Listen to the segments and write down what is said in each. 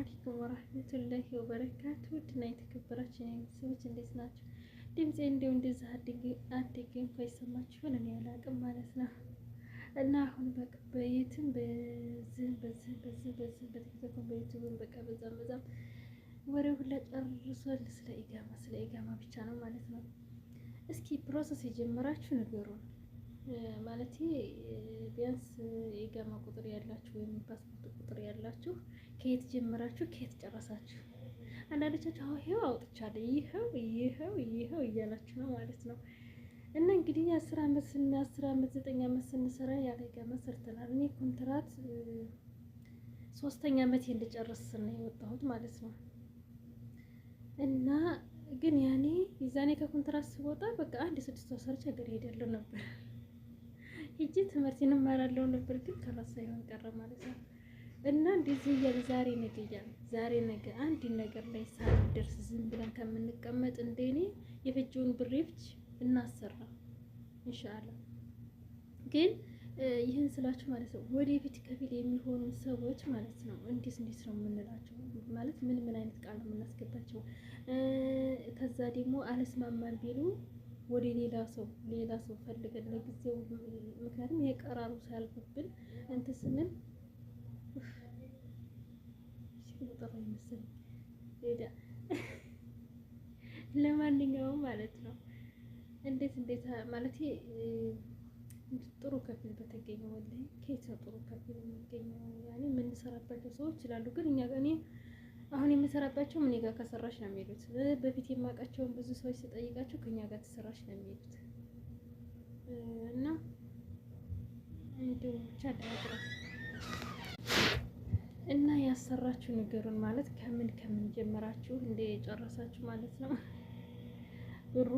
አለይኩም ወራህመቱላሂ ወበረካቱ ውድና የተከበራችሁ ቤተሰቦች እንዴት ናቸው? ድምፄ እንዲሁ እንደዛ አድጌ እንኳ ይሰማችሁን እኔ አላቅም ማለት ነው። እና አሁን በቃ በየትም በዚህ በዚህ በዚህ በዚህ በቲክቶክም በዩቲዩብም በቃ በዛም በዛም ወሬው ሁላ ጨርሷል። ስለ ኢቃማ ስለ ኢቃማ ብቻ ነው ማለት ነው። እስኪ ፕሮሰስ የጀመራችሁ ንገሩን። ማለት ቢያንስ የጋማ ቁጥር ያላችሁ ወይም ፓስፖርት ቁጥር ያላችሁ ከየት ጀምራችሁ ከየት ጨረሳችሁ? አንዳንዶቻችሁ አሁ ይኸው አውጥቻለሁ ይኸው ይኸው ይኸው እያላችሁ ነው ማለት ነው። እና እንግዲህ አስር አመት ስን አስር አመት ዘጠኝ አመት ስንሰራ ያለ ጋማ ሰርተናል። እኔ ኮንትራት ሶስተኛ አመት እንድጨርስ ነው የወጣሁት ማለት ነው እና ግን ያኔ የዛኔ ከኮንትራት ስወጣ በቃ አንድ ስድስት ወር ሰርቼ ሀገር ሄዳለሁ ነበር ሄጄ ትምህርቴን እማራለሁ ነበር፣ ግን ከራሳ ይሆን ቀረ ማለት ነው። እና እንደዚህ እያለ ዛሬ ነገ እያለ ዛሬ ነገ አንድ ነገር ላይ ሳንደርስ ዝም ብለን ከምንቀመጥ እንደኔ የፈጀውን ብሬፍች እናሰራ እንሻላ። ግን ይህን ስላችሁ ማለት ነው ወደፊት ከፊል የሚሆኑ ሰዎች ማለት ነው እንዴት እንዴት ነው የምንላቸው ማለት ምን ምን አይነት ቃል ነው የምናስገባቸው? ከዛ ደግሞ አለስማማን ቢሉ ወደ ሌላ ሰው ሌላ ሰው ፈልገን ለጊዜው ምክንያቱም የቀራሩ ሳያልፍብን እንትን ስንል ሲጠራ ይመስል ሄዳ ለማንኛውም ማለት ነው እንዴት እንዴት ማለት ጥሩ ከፊል በተገኘ ወላሂ ከየት ነው ጥሩ ከፊል የሚገኘው? ያኔ የምንሰራባቸው ሰዎች ይችላሉ፣ ግን እኛ እኔ የምንሰራባቸው እኔ ጋር ከሰራሽ ነው የሚሉት በፊት የማውቃቸውን ብዙ ሰዎች ስጠይቃቸው ከኛ ጋር ተሰራሽ ነው የሚሉት እና እንዲሁ ብቻ እና ያሰራችሁ ንገሩን ማለት ከምን ከምን ጀመራችሁ እንደ ጨረሳችሁ ማለት ነው። ብሩ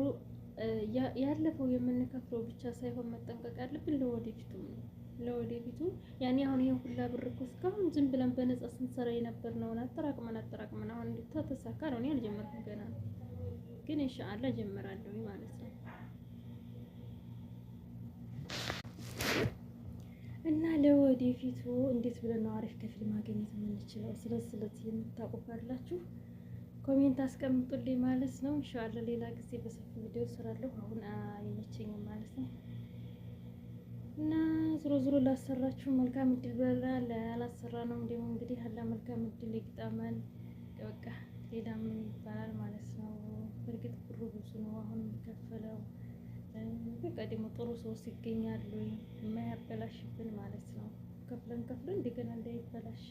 ያለፈው የምንከፍለው ብቻ ሳይሆን መጠንቀቅ አለብን ለወደፊቱ ነው። ለወደፊቱ ያኔ አሁን ይሄ ሁላ ብር እኮ እስካሁን ዝም ብለን በነጻ ስንሰራ የነበር ነውን አጠራቅመን አጠራቅመን አሁን ተሳካ ነው። እኔ አልጀመርኩም ገና ነው፣ ግን ኢንሻአላህ ጀምራለሁ ማለት ነው። እና ለወደፊቱ እንዴት ብለን ነው አሪፍ ከፊል ማግኘት የምንችለው? ስለዚህ ስለዚህ የምታውቁ ካላችሁ ኮሜንት አስቀምጡልኝ ማለት ነው። ኢንሻአላህ ሌላ ጊዜ በሰፊ ቪዲዮ እሰራለሁ አሁን ዞሮ ላሰራችሁ መልካም እድል በላ ላላሰራ ነው እንደውም እንግዲህ አላ መልካም እድል ይግጠመን። በቃ ሌላ ምን ይባላል ማለት ነው። በእርግጥ ብሩ ብዙ ነው አሁን የሚከፈለው። በቃ ደግሞ ጥሩ ሰዎች ይገኛሉ የማያበላሽብን ማለት ነው። ከፍለን ከፍለን እንደገና እንዳይበላሽ